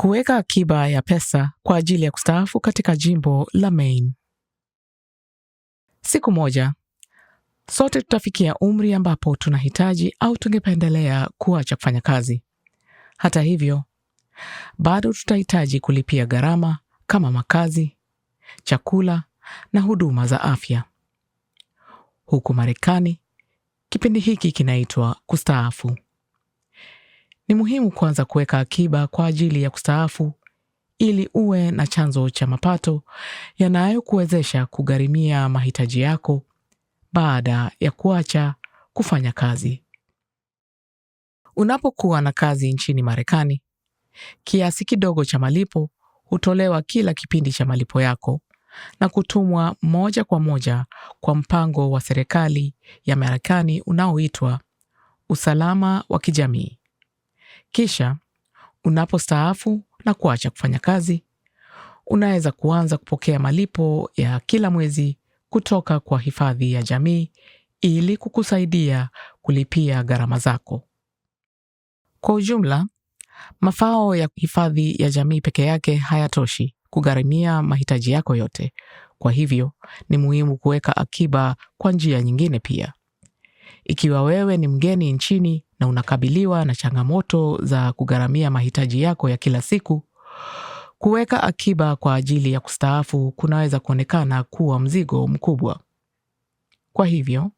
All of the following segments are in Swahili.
kuweka akiba ya pesa kwa ajili ya kustaafu katika jimbo la Maine. Siku moja sote tutafikia umri ambapo tunahitaji au tungependelea kuacha kufanya kazi. Hata hivyo, bado tutahitaji kulipia gharama kama makazi, chakula na huduma za afya. Huku Marekani, kipindi hiki kinaitwa kustaafu. Ni muhimu kwanza kuweka akiba kwa ajili ya kustaafu ili uwe na chanzo cha mapato yanayokuwezesha kugharimia mahitaji yako baada ya kuacha kufanya kazi. Unapokuwa na kazi nchini Marekani, kiasi kidogo cha malipo hutolewa kila kipindi cha malipo yako na kutumwa moja kwa moja kwa mpango wa serikali ya Marekani unaoitwa Usalama wa Kijamii. Kisha unapostaafu na kuacha kufanya kazi, unaweza kuanza kupokea malipo ya kila mwezi kutoka kwa hifadhi ya jamii ili kukusaidia kulipia gharama zako. Kwa ujumla, mafao ya hifadhi ya jamii peke yake hayatoshi kugharimia mahitaji yako yote. Kwa hivyo, ni muhimu kuweka akiba kwa njia nyingine pia. Ikiwa wewe ni mgeni nchini na unakabiliwa na changamoto za kugharamia mahitaji yako ya kila siku, kuweka akiba kwa ajili ya kustaafu kunaweza kuonekana kuwa mzigo mkubwa. Kwa hivyo,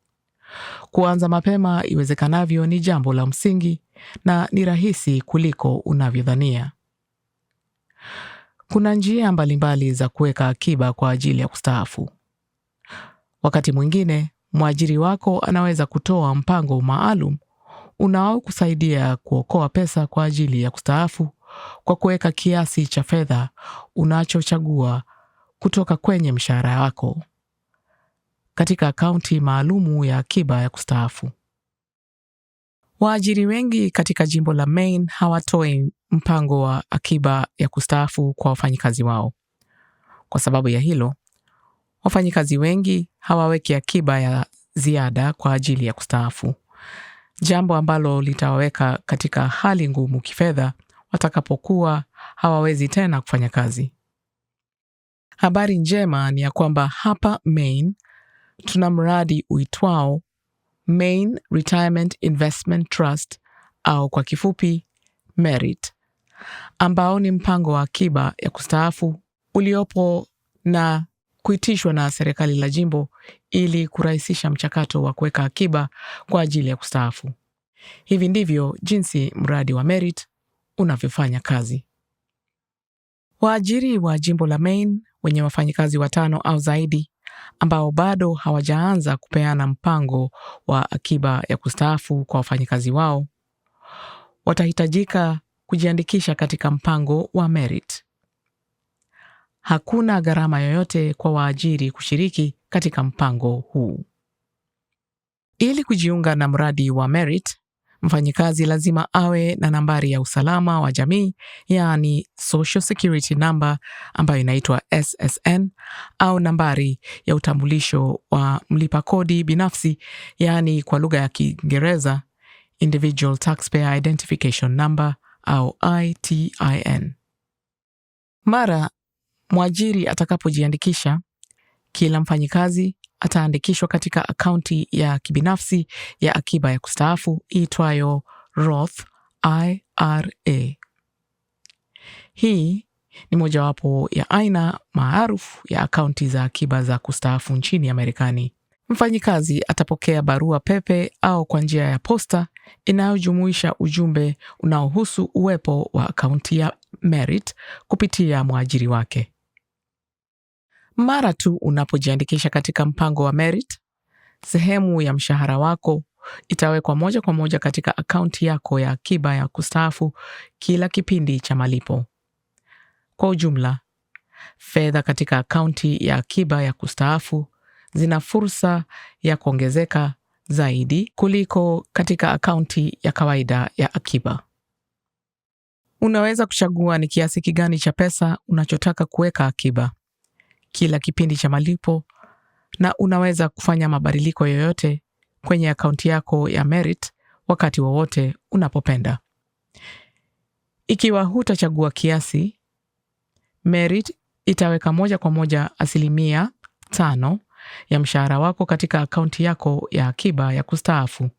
kuanza mapema iwezekanavyo ni jambo la msingi na ni rahisi kuliko unavyodhania. Kuna njia mbalimbali za kuweka akiba kwa ajili ya kustaafu. Wakati mwingine, mwajiri wako anaweza kutoa mpango maalum Unao kusaidia kuokoa pesa kwa ajili ya kustaafu kwa kuweka kiasi cha fedha unachochagua kutoka kwenye mshahara wako katika akaunti maalumu ya akiba ya kustaafu. Waajiri wengi katika jimbo la Maine hawatoi mpango wa akiba ya kustaafu kwa wafanyikazi wao. Kwa sababu ya hilo, wafanyikazi wengi hawaweki akiba ya ziada kwa ajili ya kustaafu jambo ambalo litawaweka katika hali ngumu kifedha watakapokuwa hawawezi tena kufanya kazi. Habari njema ni ya kwamba hapa Maine tuna mradi uitwao Maine Retirement Investment Trust au kwa kifupi MERIT, ambao ni mpango wa akiba ya kustaafu uliopo na kuitishwa na serikali la jimbo ili kurahisisha mchakato wa kuweka akiba kwa ajili ya kustaafu. Hivi ndivyo jinsi mradi wa Merit unavyofanya kazi. Waajiri wa jimbo la Maine wenye wafanyikazi watano au zaidi ambao bado hawajaanza kupeana mpango wa akiba ya kustaafu kwa wafanyikazi wao watahitajika kujiandikisha katika mpango wa Merit. Hakuna gharama yoyote kwa waajiri kushiriki katika mpango huu. Ili kujiunga na mradi wa Merit, mfanyikazi lazima awe na nambari ya usalama wa jamii, yaani Social Security Number ambayo inaitwa SSN au nambari ya utambulisho wa mlipa kodi binafsi, yaani kwa lugha ya Kiingereza Individual Taxpayer Identification Number au ITIN. Mara Mwajiri atakapojiandikisha, kila mfanyikazi ataandikishwa katika akaunti ya kibinafsi ya akiba ya kustaafu iitwayo Roth IRA. Hii ni mojawapo ya aina maarufu ya akaunti za akiba za kustaafu nchini ya Marekani. Mfanyikazi atapokea barua pepe au kwa njia ya posta inayojumuisha ujumbe unaohusu uwepo wa akaunti ya Merit kupitia mwajiri wake mara tu unapojiandikisha katika mpango wa Merit, sehemu ya mshahara wako itawekwa moja kwa moja katika akaunti yako ya akiba ya kustaafu kila kipindi cha malipo. Kwa ujumla, fedha katika akaunti ya akiba ya kustaafu zina fursa ya kuongezeka zaidi kuliko katika akaunti ya kawaida ya akiba. Unaweza kuchagua ni kiasi kigani cha pesa unachotaka kuweka akiba kila kipindi cha malipo na unaweza kufanya mabadiliko yoyote kwenye akaunti yako ya Merit wakati wowote unapopenda. Ikiwa hutachagua kiasi, Merit itaweka moja kwa moja asilimia tano ya mshahara wako katika akaunti yako ya akiba ya kustaafu.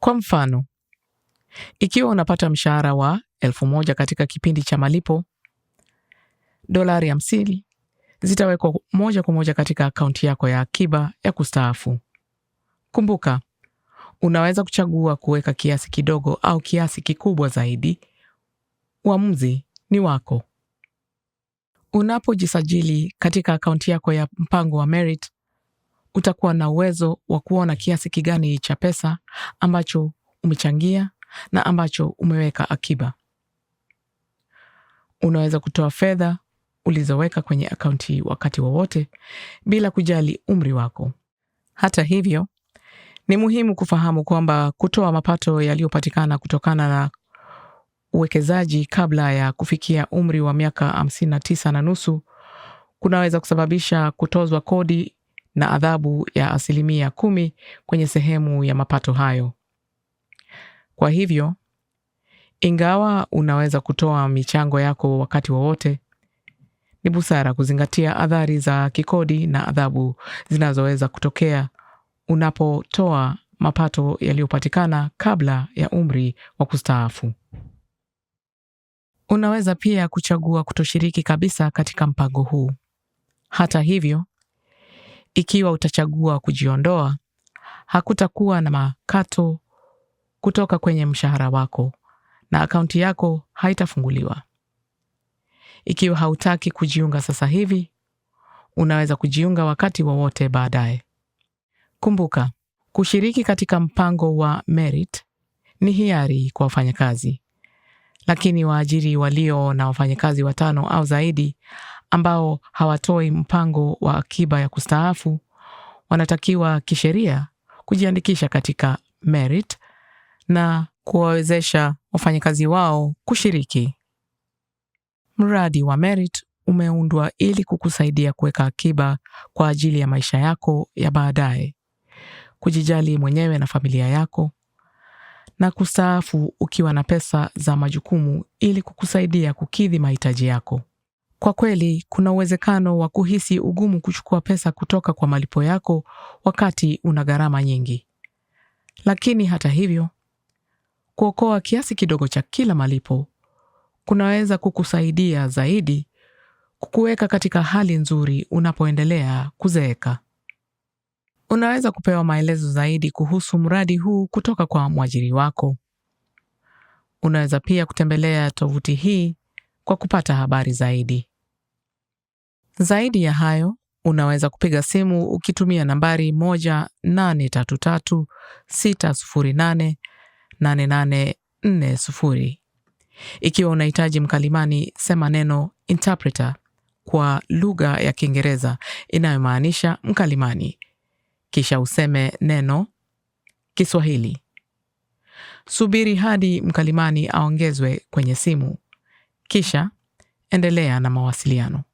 Kwa mfano, ikiwa unapata mshahara wa elfu moja katika kipindi cha malipo, dolari hamsini zitawekwa moja kwa moja katika akaunti yako ya akiba ya kustaafu. Kumbuka, unaweza kuchagua kuweka kiasi kidogo au kiasi kikubwa zaidi. Uamuzi ni wako. Unapojisajili katika akaunti yako ya mpango wa Merit, utakuwa na uwezo wa kuona kiasi kigani cha pesa ambacho umechangia na ambacho umeweka akiba. Unaweza kutoa fedha ulizoweka kwenye akaunti wakati wowote wa bila kujali umri wako. Hata hivyo, ni muhimu kufahamu kwamba kutoa mapato yaliyopatikana kutokana na uwekezaji kabla ya kufikia umri wa miaka 59 na nusu kunaweza kusababisha kutozwa kodi na adhabu ya asilimia kumi kwenye sehemu ya mapato hayo. Kwa hivyo, ingawa unaweza kutoa michango yako wakati wowote wa ni busara kuzingatia adhari za kikodi na adhabu zinazoweza kutokea unapotoa mapato yaliyopatikana kabla ya umri wa kustaafu. Unaweza pia kuchagua kutoshiriki kabisa katika mpango huu. Hata hivyo, ikiwa utachagua kujiondoa, hakutakuwa na makato kutoka kwenye mshahara wako na akaunti yako haitafunguliwa. Ikiwa hautaki kujiunga sasa hivi, unaweza kujiunga wakati wowote wa baadaye. Kumbuka, kushiriki katika mpango wa Merit ni hiari kwa wafanyakazi, lakini waajiri walio na wafanyakazi watano au zaidi ambao hawatoi mpango wa akiba ya kustaafu wanatakiwa kisheria kujiandikisha katika Merit na kuwawezesha wafanyakazi wao kushiriki. Mradi wa Merit umeundwa ili kukusaidia kuweka akiba kwa ajili ya maisha yako ya baadaye, kujijali mwenyewe na familia yako, na kustaafu ukiwa na pesa za majukumu ili kukusaidia kukidhi mahitaji yako. Kwa kweli, kuna uwezekano wa kuhisi ugumu kuchukua pesa kutoka kwa malipo yako wakati una gharama nyingi. Lakini hata hivyo, kuokoa kiasi kidogo cha kila malipo kunaweza kukusaidia zaidi kukuweka katika hali nzuri unapoendelea kuzeeka. Unaweza kupewa maelezo zaidi kuhusu mradi huu kutoka kwa mwajiri wako. Unaweza pia kutembelea tovuti hii kwa kupata habari zaidi. Zaidi ya hayo, unaweza kupiga simu ukitumia nambari 1-833-608-8840. Ikiwa unahitaji mkalimani, sema neno interpreter kwa lugha ya Kiingereza inayomaanisha mkalimani, kisha useme neno Kiswahili. Subiri hadi mkalimani aongezwe kwenye simu, kisha endelea na mawasiliano.